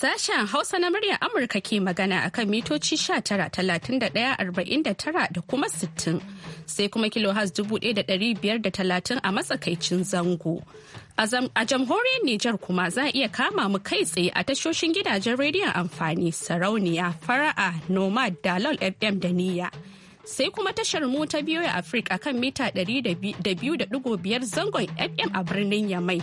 Sashen Hausa na muryar Amurka ke magana a kan mitoci 19,31,49 da kuma 60 sai kuma da 1,530 a matsakaicin zango. A jamhuriyar Nijar kuma za a iya kama mu kai tsaye a tashoshin gidajen rediyon amfani sarauniya fara'a nomad dalol fm da niyya. sai kuma tashar mu ta biyo a Afrika kan mita 200.5 zangon FM a birnin Yamai.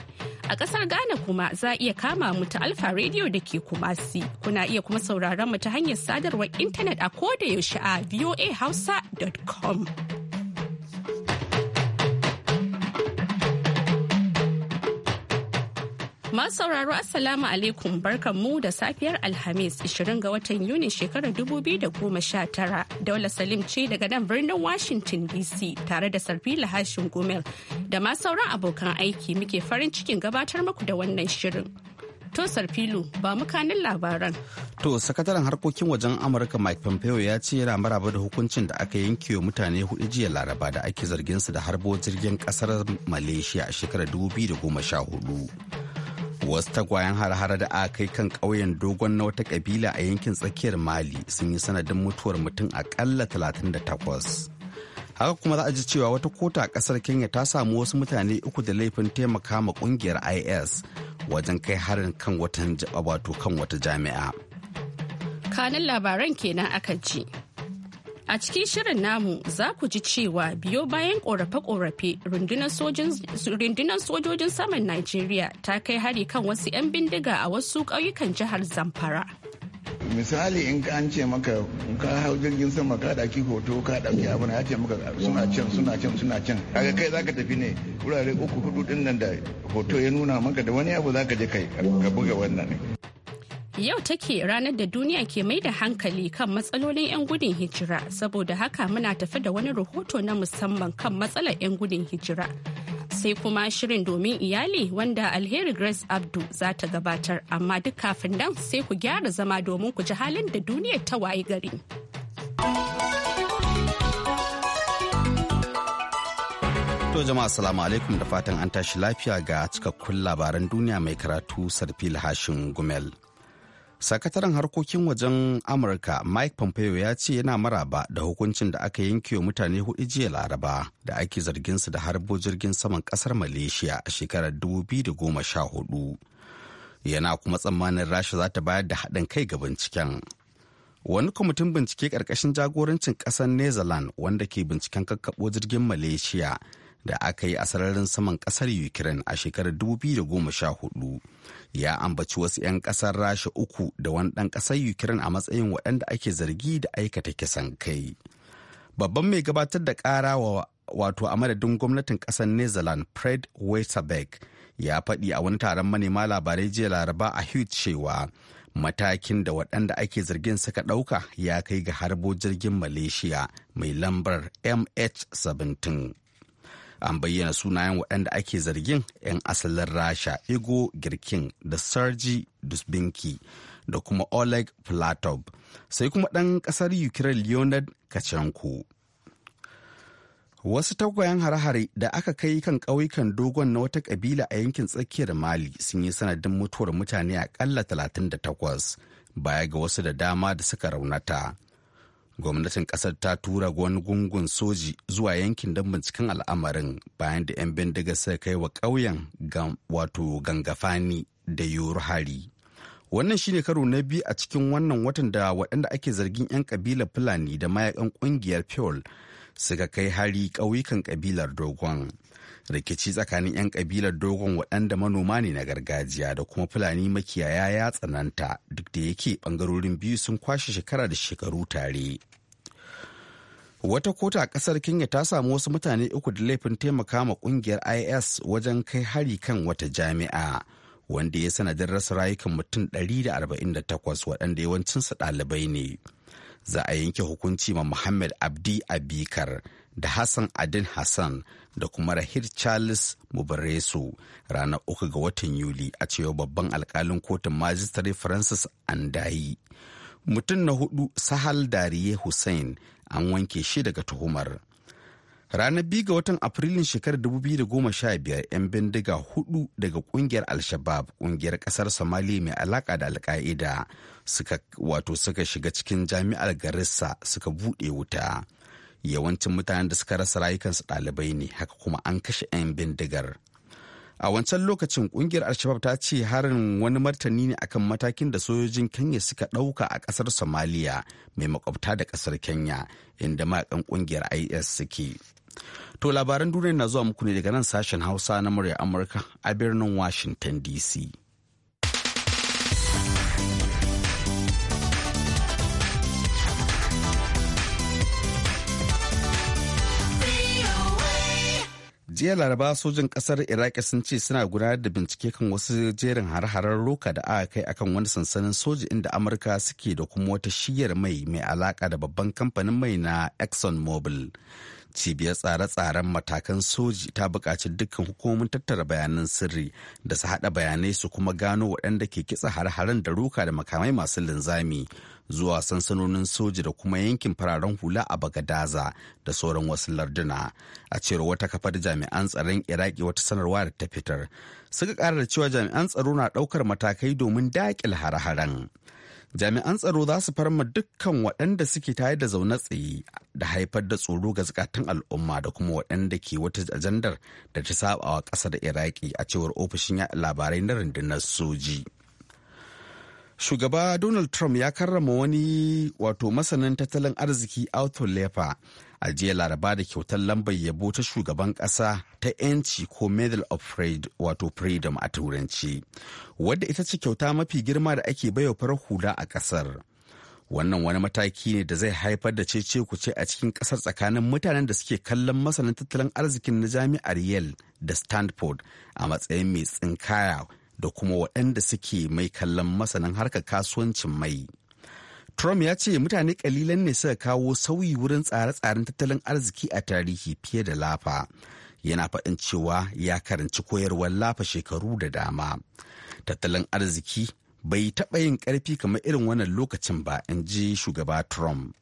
A kasar Ghana kuma za a iya kama mu ta Alfa Radio da ke Kumasi. Kuna iya kuma sauraron mu ta hanyar sadarwar intanet a koda yaushe a voahausa.com. Masu sauraro Assalamu alaikum barkan mu da safiyar Alhamis 20 ga watan Yuni shekarar 2019. Daula Salim ce daga nan birnin Washington DC tare da Sarfila Lahashin Gomel da ma sauran abokan aiki muke farin cikin gabatar muku da wannan shirin. To Sarfilu ba mukanin labaran. To sakataren harkokin wajen Amurka Mike Pompeo ya ce yana maraba da hukuncin da aka yanke wa mutane hudu jiya Laraba da ake zargin su da harbo jirgin kasar Malaysia a shekarar 2014. wasu tagwayen har-hara da aka kai kan ƙauyen dogon na wata ƙabila a yankin tsakiyar mali sun yi sanadin mutuwar mutum aƙalla 38 haka kuma za a ji cewa wata kota a ƙasar kenya ta samu wasu mutane uku da laifin taimaka ma ƙungiyar is wajen kai harin kan wata jami'a kanin labaran kenan aka ji. A cikin shirin namu za ku ji cewa biyo bayan korafe-korafe rundunar sojojin saman Najeriya ta kai hari kan wasu 'yan bindiga a wasu ƙauyukan jihar Zamfara. Misali in ka an ce maka ka hau jirgin sama ka daki hoto ka ɗauki abin ya ce maka suna can suna can suna can kaga kai zaka tafi ne wurare uku hudu din nan da hoto ya nuna maka da wani abu zaka je kai ka buga wannan Yau take ranar da duniya ke mai da hankali kan matsalolin 'yan gudun hijira saboda haka muna tafi da wani rahoto na musamman kan matsalar 'yan gudun hijira. Sai kuma shirin domin iyali wanda alheri Grace Abdu za ta gabatar amma duk kafin nan sai ku gyara zama domin ku ji halin da duniya ta waye gari. To jama'a salamu alaikum da fatan an tashi lafiya ga cikakkun labaran duniya mai karatu Sarfil Hashin Gumel. sakataren harkokin wajen amurka mike pompeo ya ce yana maraba da hukuncin da aka yanke wa mutane hudu jiya laraba da ake zargin su da harbo jirgin saman kasar malaysia a shekarar 2014 yana kuma tsammanin rasha za ta bayar da haɗin kai ga binciken wani kwamitin bincike ƙarƙashin jagorancin ƙasar netherlands wanda ke binciken kakkaɓo jirgin malaysia da aka yi a sararin saman kasar ukraine a shekarar 2014 ya ambaci wasu 'yan kasar rasha uku da wani ɗan ƙasar ukraine a matsayin waɗanda ake zargi da aikata kisan kai babban mai gabatar da ƙara wa wato a madadin gwamnatin ƙasar Nezaland, fred westerberg ya faɗi a wani taron manema labarai jiya laraba a hugh cewa matakin da waɗanda ake zargin suka ɗauka ya kai ga harbo jirgin malaysia mai lambar mh 17 an bayyana sunayen waɗanda ake zargin 'yan asalin rasha igo girkin da sergi dusbinki da kuma oleg platov sai kuma ɗan ƙasar ukraine leonard kachanko wasu tagwayen hare-hare da aka kai kan ƙauyukan dogon na wata ƙabila a yankin tsakiyar mali sun yi sanadin mutuwar mutane aƙalla 38 baya ga wasu da dama da suka raunata gwamnatin kasar ta tura wani gungun soji zuwa yankin don binciken al'amarin bayan da 'yan bindiga suka kai wa ƙauyen wato gangafani da yoru hari wannan shine karo na biyu a cikin wannan watan da waɗanda ake zargin 'yan ƙabilar fulani da mayakan ƙungiyar pure suka kai hari ƙauyukan ƙabilar dogon rikici tsakanin 'yan kabilar dogon waɗanda manoma ne na gargajiya da kuma fulani makiyaya ya tsananta duk da yake ɓangarorin biyu sun kwashe shekara da shekaru tare wata kota a ƙasar kenya ta samu wasu mutane uku da laifin taimaka ma ƙungiyar is wajen kai hari kan wata jami'a wanda ya sanadin rasa rayukan mutum 148 waɗanda yawancinsa ɗalibai ne za a yanke hukunci ma muhammad abdi abikar da Hassan Adin Hassan da kuma Rahir Charles Mubareso ranar uku ga watan Yuli a cewa babban alkalin kotun majistare Francis Andayi. Mutum na hudu Sahal Dariye Hussein an wanke shi daga tuhumar. Ranar biyu ga watan Afrilun shekarar 2015 'yan bindiga hudu daga kungiyar Al-Shabaab kungiyar kasar Somalia mai alaka da al suka wato suka shiga cikin jami'ar Garissa suka buɗe wuta. yawancin mutanen da suka rasa rayukansu ɗalibai ne haka kuma an kashe 'yan bindigar a wancan lokacin kungiyar alshabab ta ce harin wani martani ne akan matakin da sojojin kenya suka ɗauka a ƙasar Somalia mai makwabta da ƙasar kenya inda mayakan kungiyar is suke to labaran duniya na zuwa muku ne daga nan sashen hausa na murya amurka a birnin washington dc jiya laraba sojin kasar iraki sun ce suna gudanar da bincike kan wasu jerin har-harar roka da aka kai akan wani sansanin soji inda amurka suke da kuma wata shiyar mai mai alaka da babban kamfanin mai na exxon mobil cibiyar tsare-tsaren matakan soji ta buƙaci dukkan hukumomin tattara bayanan sirri da su haɗa bayanai su kuma gano waɗanda ke kitsa har-haren da ruka da makamai masu linzami zuwa sansanonin soji da kuma yankin fararen hula a bagadaza da sauran wasu larduna a cewar wata kafar jami'an tsaron iraki wata sanarwa da ta fitar suka ƙara da cewa jami'an tsaro na ɗaukar matakai domin daƙil har haren jami'an tsaro za su farma dukkan waɗanda suke tayar da zaune tsaye da haifar da tsoro ga zukatan al'umma da kuma waɗanda ke wata ajandar da ta saba wa ƙasa iraki a cewar ofishin labarai na rundunar soji shugaba donald trump ya karrama wani wato masanin tattalin arziki arthur lefa a jiya laraba da kyautar lambar yabo ta shugaban kasa ta 'yanci ko medal of wato freedom a turanci wadda ita ce kyauta mafi girma da ake baiwa farar hula a kasar wannan wani mataki ne da zai haifar da cece ce a cikin kasar tsakanin mutanen da suke kallon masanin tattalin arzikin na jami'ar yale da stanford a matsayin mai tsinkaya da kuma waɗanda suke mai kallon masanin harkar kasuwancin mai. Trump ya ce mutane kalilan ne suka kawo sauyi wurin tsare-tsaren tattalin arziki a tarihi fiye da lafa. Yana faɗin cewa ya karanci koyarwar lafa shekaru da dama. Tattalin arziki bai taɓa yin ƙarfi kamar irin wannan lokacin ba, in ji shugaba Trump.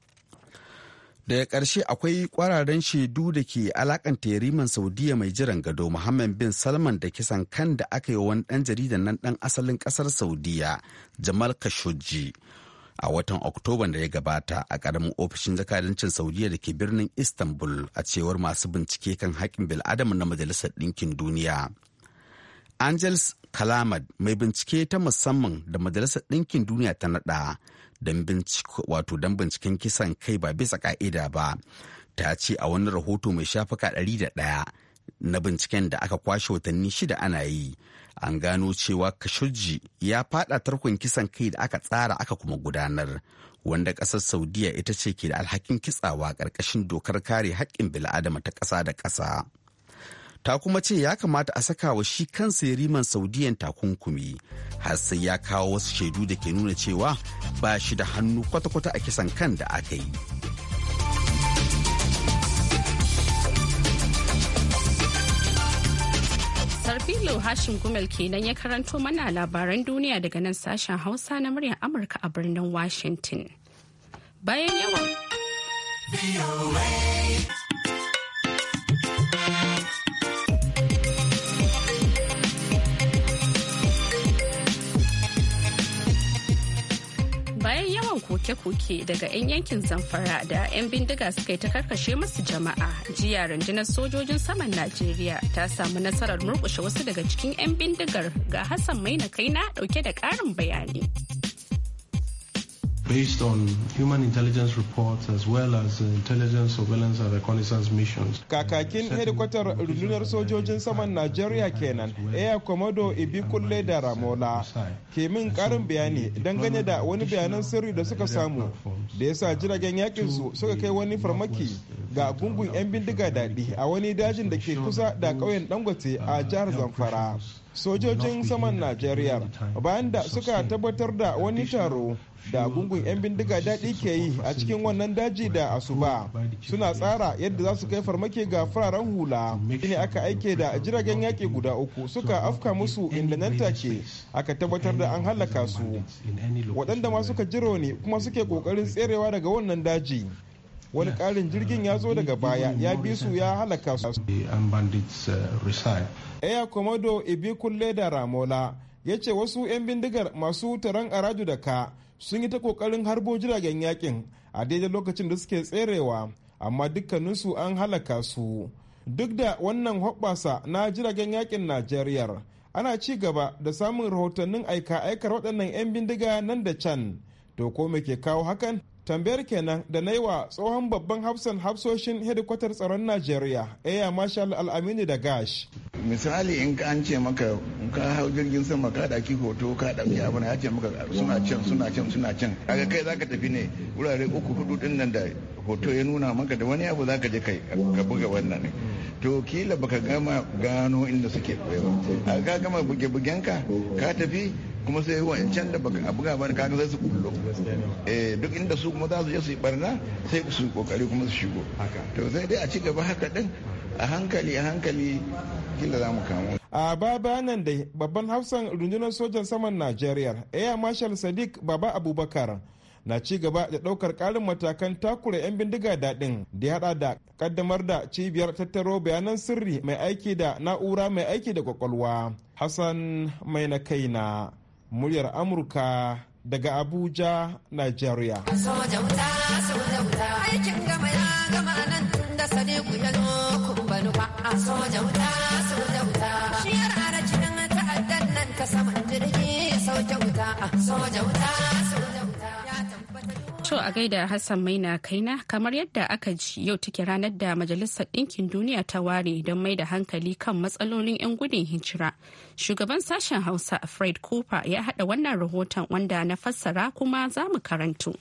daga ƙarshe akwai kwararen shaidu da ke alakanta yariman saudiya mai jiran gado muhammad bin salman da kisan kan da aka yi wani ɗan jaridan nan ɗan asalin ƙasar saudiya jamal khashoggi a watan oktoban da ya gabata a ƙaramin ofishin jakadancin saudiya da ke birnin istanbul a cewar masu bincike kan haƙƙin bil'adam na majalisar ɗinkin duniya angels kalamad mai bincike ta musamman da majalisar ɗinkin duniya ta naɗa don binciken kisan kai ba bisa ka'ida ba ta ce a wani rahoto mai shafuka 101 na binciken da aka kwashe watanni shida ana yi an gano cewa kashoji ya fada tarkon kisan kai da aka tsara aka kuma gudanar wanda ƙasar saudiya ita ce ke da alhakin kitsawa ƙarƙashin dokar kare haƙƙin bil'adama ta ƙasa da ƙasa. ta kuma ce ya kamata a saka wa shi kansa riman saudiyan takunkumi har sai ya kawo wasu shaidu da ke nuna cewa ba shi da hannu kwata-kwata a kisan kan da aka yi sarfilo hashin gumel kenan ya karanto mana labaran duniya daga nan sashen hausa na muryar amurka a birnin washington bayan yawan bayan yawan koke-koke daga 'yan yankin zamfara da 'yan bindiga suka yi ta karkashe masu jama'a jiya rundunar sojojin saman najeriya ta samu nasarar murkushe wasu daga cikin 'yan bindigar ga hassan mai kai kaina dauke da karin bayani. based on human intelligence reports as well as intelligence surveillance and reconnaissance missions. Kakakin hedikwatar rundunar sojojin saman Najeriya kenan Air Commodore kulle da Ramola ke min karin bayani dangane da wani bayanan sirri da suka samu da ya sa jiragen yakin su suka kai wani farmaki ga gungun 'yan bindiga daɗi a wani dajin da ke kusa da ƙauyen Dangote a jihar Zamfara. sojojin saman najeriya bayan da suka tabbatar da wani taro da gungun 'yan bindiga daɗi ke yi a cikin wannan daji da asuba suna tsara yadda za su kai farmaki ga fararen hula shine aka aike da jiragen yaƙi guda uku suka afka musu inda nan take aka tabbatar da an halaka su waɗanda ma suka jiro ne kuma suke ƙoƙarin tserewa daga wannan daji wani karin jirgin ya zo uh, daga baya ya bi su ya halaka su Eya Komodo kulle da Ramola ya ce wasu 'yan bindigar masu taron araju da ka sun yi ta kokarin harbo jiragen yakin a daidai lokacin da suke tserewa amma dukkaninsu an halaka su duk da wannan hoɓɓasa na jiragen yakin najeriya ana ci gaba da samun rahotannin aika aikar waɗannan 'yan bindiga nan da can to ko ke kawo hakan tambayar kenan da na yi wa tsohon babban hafsan hafsoshin hedikwatar tsaron najeriya eya marshal al'aminu da gash misali in ka an ce maka ka hau jirgin sama ka daki hoto ka dauki abin ya ce maka suna can suna can suna can kaga kai zaka tafi ne wurare uku hudu din nan da hoto ya nuna maka da wani abu zaka je kai ka buga wannan ne to kila baka gama gano inda suke ba ka gama buge bugenka ka tafi kuma sai wancan da baka buga ba kaga zai su kullo eh, duk inda su kuma za su je su yi barna sai su kokari kuma su shigo to sai dai a ci gaba haka din a hankali a hankali kila za mu kamo a baya nan da babban hafsan rundunar sojan saman najeriya air marshal sadiq baba abubakar na ci gaba da daukar ƙarin matakan takura 'yan bindiga daɗin da ya haɗa da ƙaddamar da cibiyar tattaro bayanan sirri mai aiki da na'ura mai aiki da kwakwalwa hassan mai na kaina muryar amurka daga abuja nigeria Soja wuta, soja wuta, shiyar a rajinin ta'addan nan ta saman jirgi, soja wuta, soja wuta. so a gaida Hassan Maina kaina kamar yadda aka ji yau take ranar da Majalisar Ɗinkin Duniya ta ware don mai da hankali kan matsalolin 'yan gudun hijira. Shugaban sashen Hausa Fred Cooper ya haɗa wannan rahoton wanda na fassara kuma za mu karantu.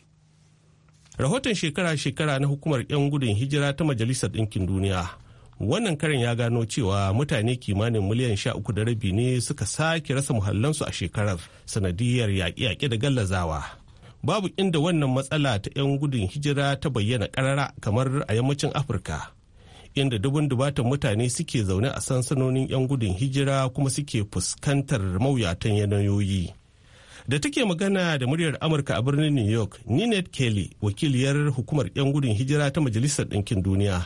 Rahoton shekara-shekara na hukumar 'yan gudun hijira ta Majalisar Ɗinkin Duniya. Wannan karin ya gano cewa mutane kimanin miliyan sha uku da rabi ne suka sake rasa muhallansu a shekarar sanadiyar yaƙe yaƙi da gallazawa. babu inda wannan matsala ta 'yan gudun hijira ta bayyana karara kamar a yammacin afirka inda dubun dubatan mutane suke zaune a sansanonin 'yan gudun hijira kuma suke fuskantar mawuyatan yanayoyi da take magana da muryar amurka a birnin new york ninet kelly wakiliyar hukumar 'yan gudun hijira ta majalisar ɗinkin duniya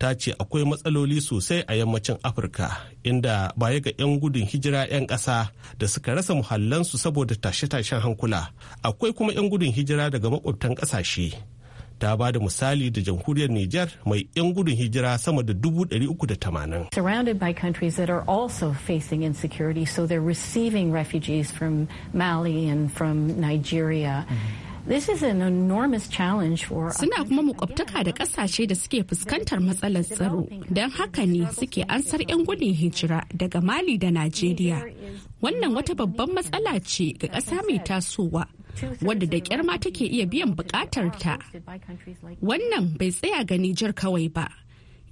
ta ce akwai matsaloli sosai a yammacin afirka inda baya ga 'yan gudun hijira 'yan ƙasa da suka rasa muhallansu saboda tashe-tashen hankula akwai kuma 'yan gudun hijira daga makwabtan ƙasashe ta ba da misali da jamhuriyar Nijar mai 'yan gudun hijira sama da 380. Surrounded by countries that are also facing insecurity, so they're receiving refugees from Mali and from Nigeria. Mm -hmm. Suna kuma makwabtaka da kasashe da suke fuskantar matsalar tsaro, don haka ne suke ansar 'yan gudun hijira daga Mali da Najeriya. Wannan wata babban matsala ce ga ƙasa mai tasowa, wadda da kyarma ma take iya biyan ta. Wannan bai tsaya ga Nijar kawai ba.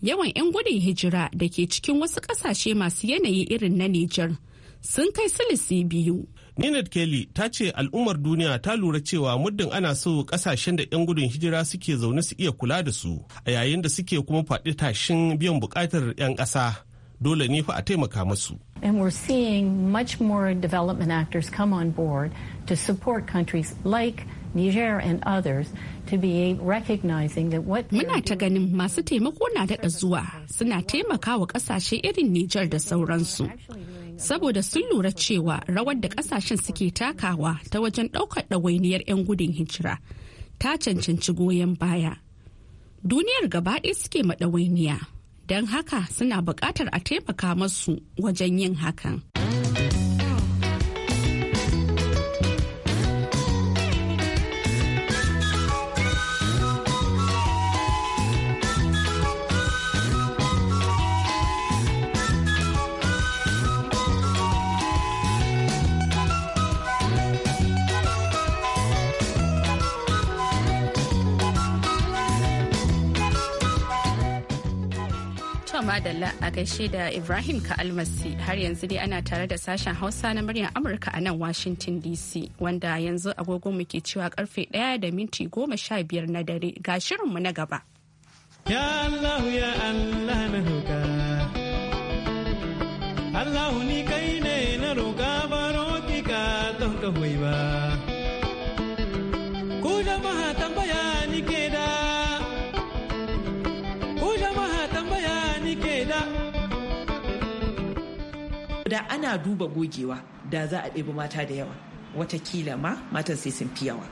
Yawan 'yan gudun hijira da ke cikin wasu ƙasashe masu yanayi irin na Nijar sun kai silisi biyu. Ninette Kelly ta ce al'ummar duniya ta lura cewa muddin ana so kasashen da 'yan gudun hijira suke zaune su iya kula da su a yayin da suke kuma faɗi tashin biyan buƙatar 'yan ƙasa dole ne fa a taimaka musu. And we're seeing much more development actors come on board to support countries like Niger and others to be recognizing that what Muna ta ganin masu taimako na daɗa zuwa suna taimakawa ƙasashe irin Nijar da sauransu. Saboda sun lura cewa rawar da ƙasashen suke takawa ta wajen ɗaukar ɗawainiyar 'yan gudun hijira ta cancanci goyon baya. Duniyar gaba ɗaya suke maɗawainiya, don haka suna buƙatar a taimaka masu wajen yin hakan. madalla a gaishe da Ibrahim ka almasi har yanzu dai ana tare da sashen Hausa na muryar Amurka a nan Washington DC wanda yanzu agogo muke cewa karfe 1 da minti 15 na dare ga shirinmu na gaba. Ya Allah ya Allah na roƙa. Allah ni kai ne na roƙa baro ki ka don ka ba. Ku ba tambaya ni ke da ana duba gogewa da za a ɗebi mata da yawa watakila ma matan sai sun fi yawa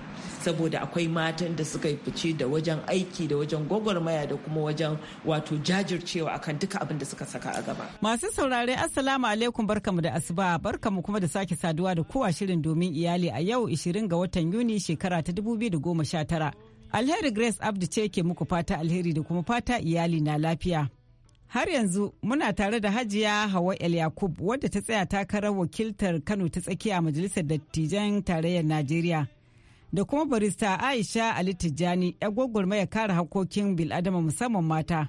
saboda akwai matan da suka yi fice da wajen aiki da wajen gwagwarmaya da kuma wajen wato jajircewa akan duka abin da suka saka a gaba. Masu saurare Assalamu alaikum barkamu da asuba barkamu kuma da sake saduwa da kowa shirin domin iyali a yau 20 ga watan Yuni shekara ta 2019. Alheri Grace Abdu ce ke muku fata alheri da kuma fata iyali na lafiya. Har yanzu muna tare da Hajiya Hawa El Yakub wadda ta tsaya takarar wakiltar Kano ta tsakiya a Majalisar Dattijan Tarayyar Najeriya. Da kuma barista Aisha Ali Tijjani ya gwagwarmaya kare hakokin bil'adama musamman mata.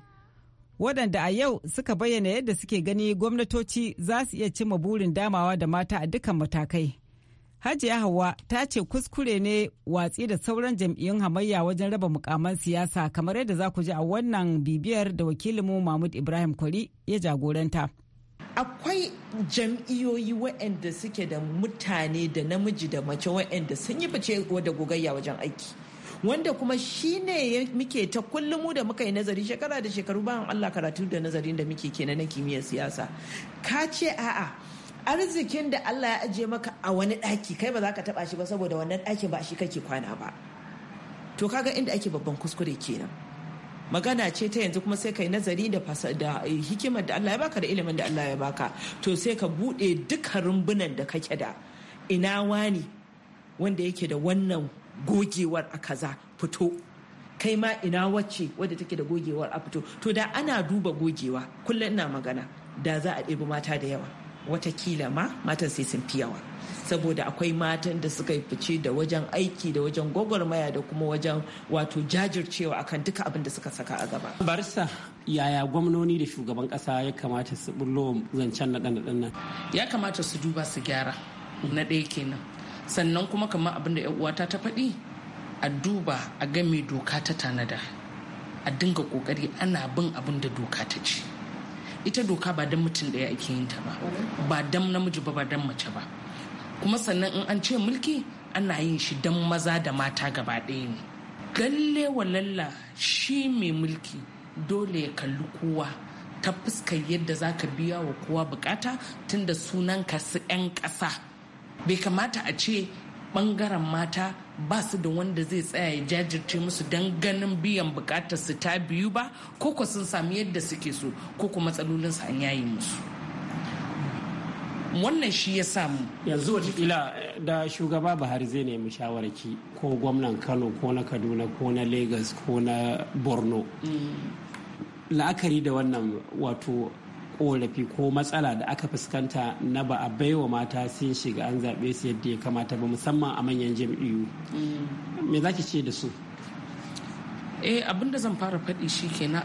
Waɗanda a yau suka bayyana yadda suke gani gwamnatoci za su iya cimma burin damawa da mata a dukkan matakai. Hajiya Hauwa ta ce kuskure ne watsi da sauran jam'iyyun hamayya wajen raba mukaman siyasa kamar yadda za ku ji a wannan bibiyar da wakilinmu Mahmud Ibrahim Kwari ya jagoranta. Akwai jam'iyyoyi waɗanda suke da mutane da namiji da mace waɗanda sun yi fice da gogayya wajen aiki. wanda kuma shi ne muke ta kullum da muka yi nazari shekara da shekaru bayan Allah karatu da nazarin da muke kenan na kimiyyar siyasa ka ce a'a arzikin da Allah ya ajiye maka a wani ɗaki kai ba za ka taɓa shi ba saboda wannan ɗakin ba shi kake kwana ba to kaga inda ake babban kuskure kenan magana ce ta yanzu kuma sai kai nazari da da hikimar da Allah ya baka da ilimin da Allah ya baka to sai ka buɗe duka rumbunan da kake da ina wani wanda yake da wannan gogewar a kaza fito kai ma ina wacce wadda take da gogewar a fito to da ana duba gogewa kullum ina magana da za a ɗebi mata da yawa watakila ma matan sai sun fi yawa saboda akwai matan da suka yi fice da wajen aiki da wajen gwagwarmaya da kuma wajen wato jajircewa akan duka abin da suka saka a gaba. barista yaya gwamnoni da shugaban kasa ya kamata su bullo zancen na nan ya kamata su duba su gyara na ɗaya kenan sannan kuma kamar abin da uwata ta faɗi a duba a game doka ta tanada a dinga kokari ana bin abin da doka ta ce. ita doka ba dan mutum daya ake yin ta ba ba dan namiji ba ba dan mace ba kuma sannan in an ce mulki ana yin shi dan maza da mata gaba ɗaya ne galle walalla shi mai mulki dole ya kalli kowa ta fuskar yadda za ka biya wa kowa bukata tunda sunanka su 'yan ƙasa bai kamata a ce ɓangaren mata ba su da wanda zai tsaya ya jajirce musu don ganin biyan bukatar su ta biyu ba ko ko sun sami yadda suke so ko ko matsalolin su an yayi musu wannan shi ya samu yanzu watakila eh, da shugaba buhari zai nemi shawarci. ko gwamnan kano ko na kaduna ko na lagos ko na borno mm. la'akari da wannan wato korafi ko matsala da aka fuskanta na ba a baiwa mata sun shiga an zaɓe su yadda ya kamata ba musamman a manyan jam'iyyu mm. me za ki ce da su eh abin da zan fara faɗi shi kenan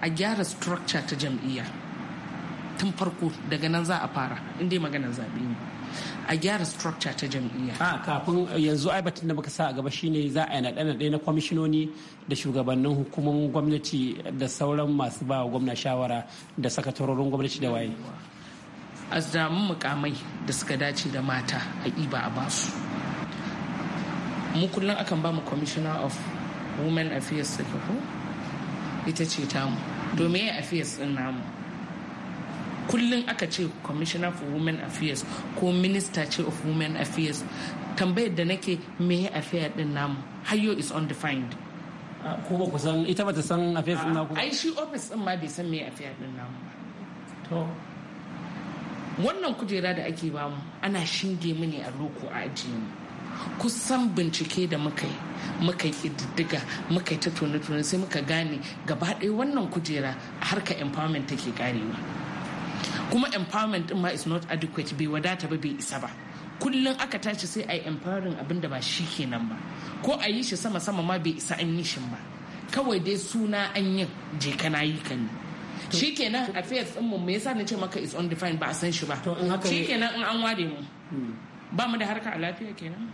a gyara structure ta jam'iyya tun farko daga nan za a fara inda maganar zaɓe ne a gyara structure ta jam'iyya. a ah, kafin yanzu ai batun da muka sa a gaba shine za a yi na ɗaya na kwamishinoni da shugabannin hukumomin gwamnati da sauran masu ba gwamna shawara da sakatarorin gwamnati da waye. a zamin mukamai da suka dace da mata a iba a basu mu kullum akan ba mu commissioner of women affairs ita ce tamu domin affairs din namu kullum aka ce commissioner for women affairs ko minister ce of women affairs tambayar da nake me ya affair din namu hayo is undefined ah, ko ba ku san ita ba ta san affairs din naku ai shi office din ma bai san me ya affair din namu to wannan kujera da ake bamu ana shinge mu ne a loko a ajiye mu kusan bincike da muka yi muka yi diddiga muka yi ta tone sai muka gane gaba ɗaya wannan kujera a harka empowerment take karewa kuma empowerment din ma is not adequate bai wadata ba bai isa ba kullum aka tashi sai a yi empowering abin da ba shi kenan ba ko a yi shi sama sama ma bai isa an yi shi ba kawai dai suna an yin je kana yi kan shi kenan affairs din mu me yasa na ce maka is undefined ba a san shi ba shi kenan in an ware mu hmm. ba mu da harka a lafiya kenan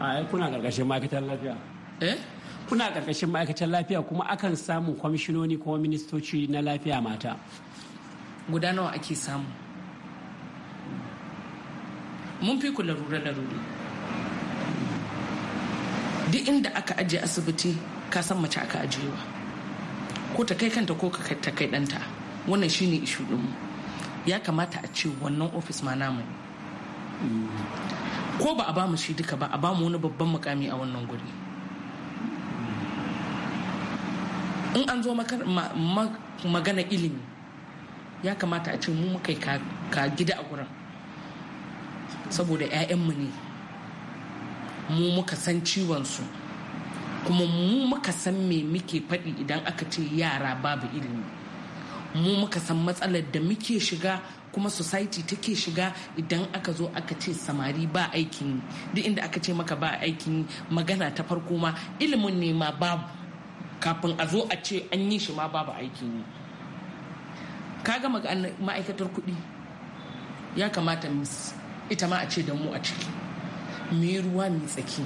a kuna karkashin ma'aikatar lafiya eh kuna karkashin ma'aikatar lafiya kuma akan samun kwamishinoni ko ministoci na lafiya mata guda nawa ake samu mun fi ku larure larure duk inda aka ajiye asibiti ka san mace aka ajiyewa ko ta kai kanta ko ta kai ɗanta wannan shine ishu ɗinmu ya kamata a ce wannan ofis ma namu ko ba a ba mu shi duka ba a ba mu wani babban mukami a wannan guri in an zo magana ilimi ya kamata a ce mu muka ka gida a gurin saboda 'ya'yanmu ne mu muka san su kuma mu muka san me muke faɗi idan aka ce yara babu ilimi mu muka san matsalar da muke shiga kuma society take shiga idan aka zo aka ce samari ba aikin duk inda aka ce maka ba aikin magana ta farko ma ilimin ne ma babu kafin a zo a ce an yi shi ma babu aikin yi Ka kaga ma'aikatar kuɗi ya kamata ita ma a ce da mu a ciki me ruwa mai tsaki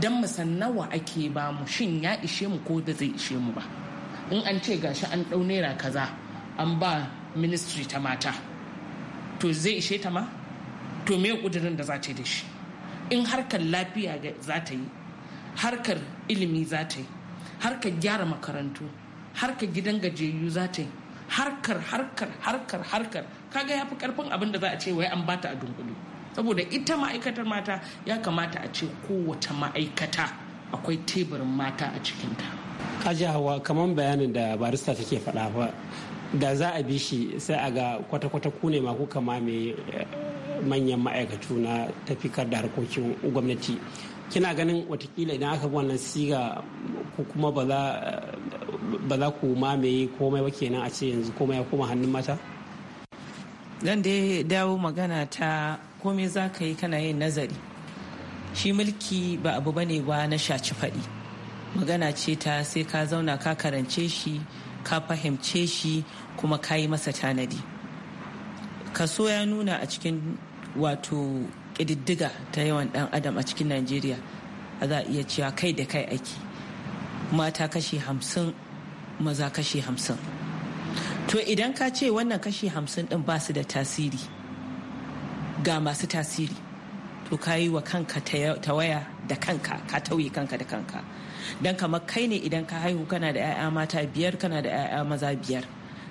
don nawa ake ba mu shin ya ishe mu ko da zai ishe mu ba in an ce gashi an ɗau naira kaza an ba ministry ta mata to zai ishe ta ma to me ƙudurin da za ta yi da shi in harkar lafiya za ta yi harkar ilimi za ta yi harkar gyara makarantu harkar gidan gajiyayyu za ta yi harkar harkar harkar harkar kaga ya fi karfin abin da za a ce wai an bata a dunkulu saboda ita ma'aikatar mata ya kamata a ce kowace ma'aikata akwai teburin mata a cikinta hawa kamar bayanin da barista take faɗa ba da za a bi shi sai a ga kwata-kwata ku ne ma kama mame eh, manyan ma'aikatu na tafikar da harkokin gwamnati kina ganin watakila idan aka wannan siga ko kuma ba za eh, ba za ku mamaye komai ba kenan a ce yanzu komai ya koma hannun mata zan dai dawo magana ta komai za ka yi kana yin nazari shi mulki ba abu bane ba na shaci faɗi magana ce ta sai ka zauna ka karance shi ka fahimce shi kuma ka yi masa tanadi kaso ya nuna a cikin wato ƙididdiga ta yawan ɗan adam a cikin najeriya za a iya cewa kai da kai aiki mata kashi hamsin maza kashi hamsin to idan ka ce wannan kashi hamsin din ba su da tasiri ga masu tasiri to ka yi wa kanka tawaya da kanka ka tauye kanka da kanka don kamar kai ne idan ka haihu kana da 'ya'ya mata biyar kana da 'ya'ya maza biyar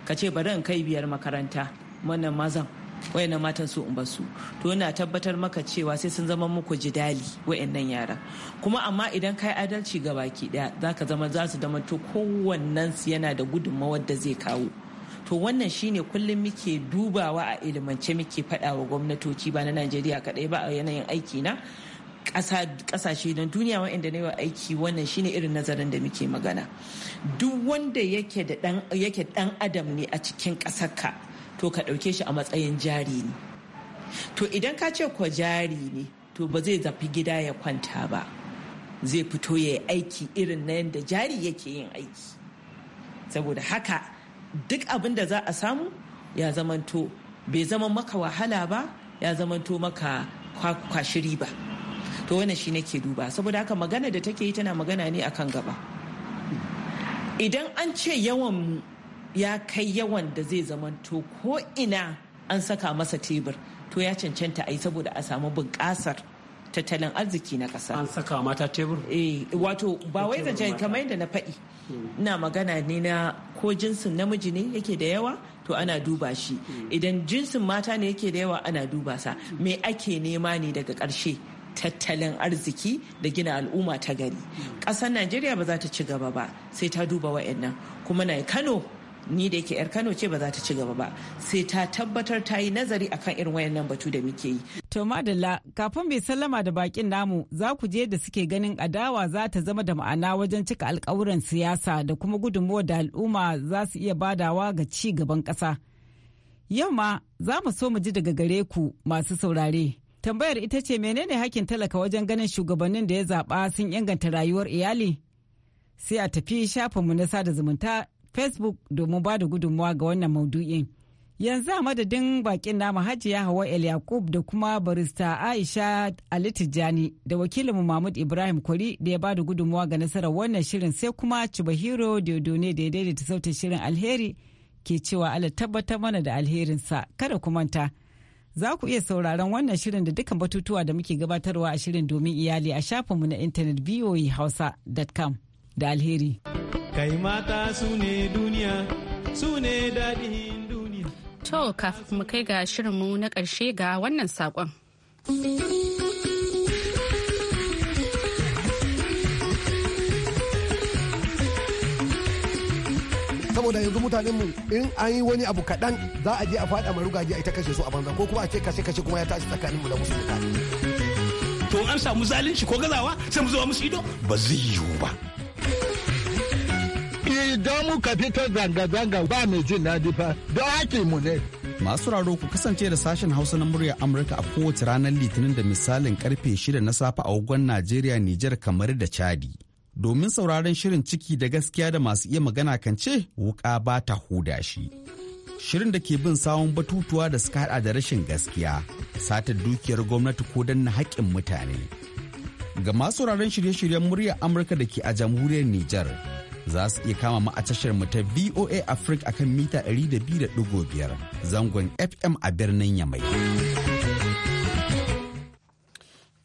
ka ce bari in kai biyar makaranta wannan mazan wayannan matan su in basu to yana tabbatar maka cewa sai sun zama muku jidali wayannan yara kuma amma idan kai adalci ga baki daya zaka zama za su zama to kowannen yana da gudunmawar da zai kawo to wannan shine kullum muke dubawa a ilimance muke faɗawa gwamnatoci ba na Najeriya kaɗai ba a yanayin aiki na ƙasashe na duniya waɗanda na yi aiki wannan shine irin nazarin da muke magana duk wanda yake dan adam ne a cikin ƙasarka to ka ɗauke shi a matsayin jari ne to idan ka ce kwa jari ne to ba zai zafi gida ya kwanta ba zai fito ya yi aiki irin na yadda jari yake yin aiki saboda haka duk abin da za a samu ya zamanto bai zama maka wahala ba ya zamanto maka kwashiri ba to wannan shi nake duba saboda haka magana da take yi tana magana ne akan gaba idan an ce yawan mu. ya kai yawan da zai zamanto ko ina an saka masa tebur to ya cancanta a yi saboda a samu bunƙasar tattalin arziki na ƙasa. An saka mata tebur? Eh, wato ba wai zancen kamar yadda na faɗi. Ina magana ne na ko jinsin namiji ne yake da yawa to ana duba shi. Idan jinsin mata ne yake da yawa ana duba sa. Me ake nema ne daga ƙarshe? tattalin arziki da gina al'umma ta gari. Ƙasar Najeriya ba za ta ci gaba ba sai ta duba wa'annan. Kuma na Kano ni da yake yar kano ce ba za ta ci gaba ba sai ta tabbatar ta yi nazari akan irin wayannan batu da muke yi to madalla kafin bai sallama da bakin namu za ku je da suke ganin adawa za ta zama da ma'ana wajen cika alkawuran siyasa da kuma gudunmuwa da al'umma za su iya badawa ga ci gaban ƙasa yau ma za mu so mu ji daga gare ku masu saurare tambayar ita ce menene hakkin talaka wajen ganin shugabannin da ya zaba sun inganta rayuwar iyali sai a tafi shafinmu na sada zumunta facebook domin ba da gudunmawa ga wannan maudu'in yanzu a madadin bakin nama hajiya hawa el yakub da kuma barista aisha ali tijjani da wakilinmu mahmud ibrahim kwari da ya ba da gudunmawa ga nasarar wannan shirin sai kuma chibahiro diodone da ya daidaita sautin shirin alheri ke cewa Allah tabbatar mana da alherinsa kada ku manta za ku iya sauraron wannan shirin da dukkan batutuwa da muke gabatarwa a shirin domin iyali a shafinmu na intanet voahausa.com da alheri. kai mata su ne duniya su ne daɗin duniya. To kafin mu kai ga shirinmu na ƙarshe ga wannan saƙon. saboda yanzu mutanenmu mu in an yi wani abu kaɗan za a je a faɗa marugaji a ita kashe su a banza ko kuma a ce kashe kashe kuma ya tashi tsakanin mu da musu mutane. To an samu zalunci ko gazawa sai mu zuwa musu ido ba zai yiwu ba. ciki don muka fito zanga-zanga ba mai jin daɗi fa don haƙi mu ne. Masu raro ku kasance da sashen Hausa na muryar Amurka a kowace ranar Litinin da misalin karfe shida na safe a wagon Najeriya, Nijar, kamar da Chadi. Domin sauraron shirin ciki da gaskiya da masu iya magana kan ce wuka ba ta huda shi. Shirin da ke bin sawon batutuwa da suka haɗa da rashin gaskiya, satar dukiyar gwamnati ko danna haƙƙin mutane. Ga masu sauraron shirye-shiryen muryar Amurka da ke a jamhuriyar Nijar, za su iya kama mu a tashar mu ta VOA Africa akan mita 200.5 zangon FM a birnin Yamai.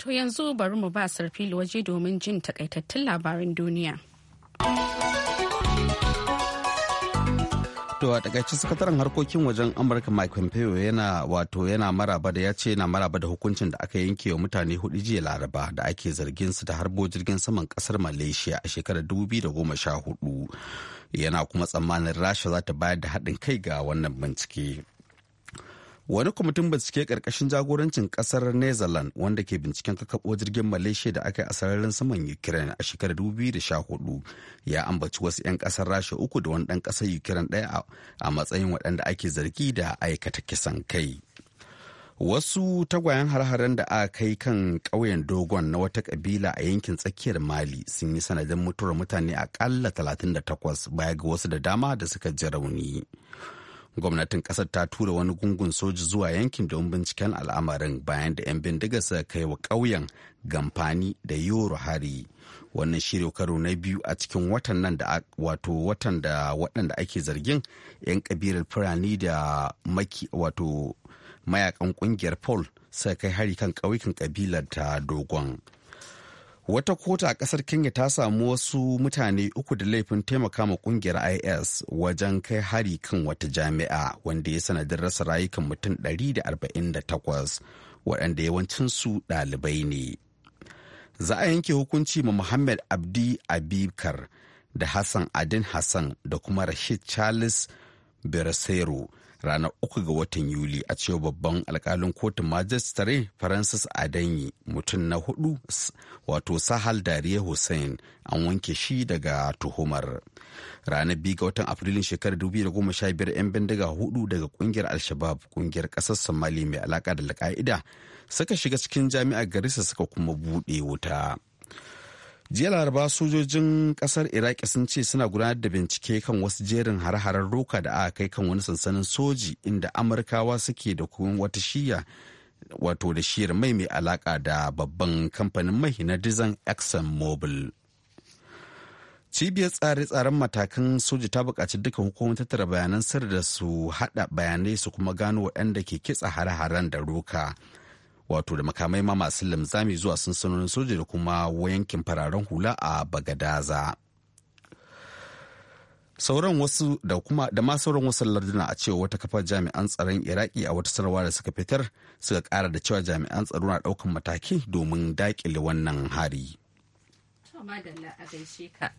To yanzu bari mu ba sarfili waje domin jin takaitattun labarin duniya. To a takaice sakataren harkokin wajen Amurka Mike Pompeo yana wato yana maraba da ya ce yana maraba da hukuncin da aka yanke wa mutane hudu jiya Laraba da ake zargin su da harbo jirgin saman kasar Malaysia a shekarar 2014. Yana kuma tsammanin Rasha za ta bayar da haɗin kai ga wannan bincike. wani kwamitin bincike karkashin jagorancin ƙasar netherlands wanda ke binciken kakabo jirgin malaysia da aka yi a sararin saman ukraine a shekarar 2014 ya ambaci wasu 'yan ƙasar rasha uku da wani dan kasar ukraine ɗaya a matsayin waɗanda ake zargi da aikata kisan kai wasu tagwayen har-haren da aka kai kan ƙauyen dogon na wata kabila a yankin tsakiyar mali sun yi sanadin mutuwar mutane akalla 38 baya ga wasu da dama da suka ji rauni gwamnatin kasar ta tura wani gungun soji zuwa yankin domin binciken al'amarin bayan da 'yan bindiga suka kai wa ƙauyen gamfani da yoro hari wannan shirya karo na biyu a cikin watan nan da wato watan da waɗanda ake zargin 'yan ƙabilar fulani da maki wato mayakan ƙungiyar pole suka kai hari kan ƙauyukan kabilar ta dogon wata kota a kasar kenya ta samu wasu mutane uku da laifin taimaka ma kungiyar is wajen kai hari kan wata jami'a wanda ya sanadin rasa rayukan mutum 148 waɗanda yawancinsu ɗalibai ne za a yanke hukunci ma muhammad abdi Abibkar da hassan adin hassan da kuma rashid charles berasero ranar uku ga watan yuli a cewa babban alkalin kotun majistare francis adanyi mutum na hudu wato sahal dariya hussein an wanke shi daga tuhumar ranar biyu ga watan afrilun shekarar 2015 'yan bindiga hudu daga kungiyar alshabab shabab kungiyar kasar somali mai alaka da alka'ida suka shiga cikin jami'ar garissa suka kuma buɗe wuta. jiya laraba sojojin kasar iraki sun ce suna gudanar da bincike kan wasu jerin har-harar roka da aka kai kan wani sansanin soji inda amurkawa suke da kuma wata shiya wato da shiyar mai mai alaka da babban kamfanin mai na dizan exxon mobil cibiyar tsare-tsaren matakan soji ta buƙaci duka hukumar tattara bayanan sirri da su haɗa bayanai su kuma gano waɗanda ke kitsa har-haren da roka wato da makamai ma masu limzami zuwa sansanonin soja da kuma yankin fararen hula a bagadaza sauran wasu da kuma da ma sauran wasu larduna a cewa wata kafar jami'an tsaron iraki a wata sanarwa da suka fitar suka kara da cewa jami'an tsaro na daukan mataki domin dakile wannan hari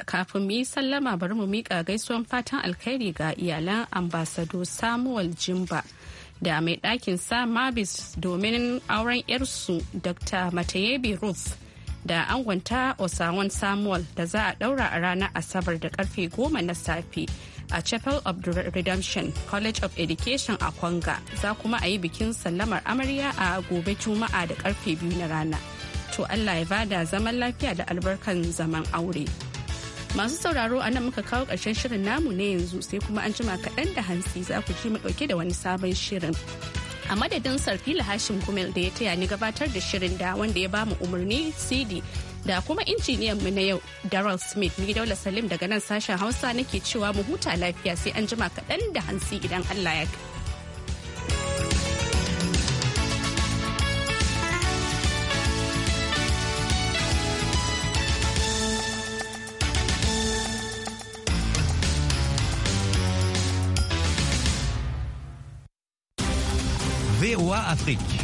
kafin mu yi sallama bari mu miƙa gaisuwan fatan alkhairi ga iyalan ambasado samuel jimba da mai ɗakin sa mabis domin auren 'yarsu dr matayebi ruth da angonta osawan samuel da za a ɗaura a ranar asabar da karfe goma na safe a chapel of the redemption college of education a kwanga za kuma a yi bikin sallamar amarya a gobe juma'a da karfe biyu na rana to allah ya bada zaman lafiya da albarkan zaman aure. Masu sauraro a nan muka kawo ƙarshen shirin namu ne yanzu sai kuma an jima kaɗan da hantsi za ku ji mu ɗauke da wani sabon shirin. A madadin Sarfila Hashim Kumel da ya taya ni gabatar da shirin da wanda ya bamu umarni CD da kuma injiniyan mu na yau Daryl Smith ni Daula Salim daga nan sashen Hausa nake cewa mu huta lafiya sai an jima kaɗan da hantsi idan Allah ya kai. Afrique.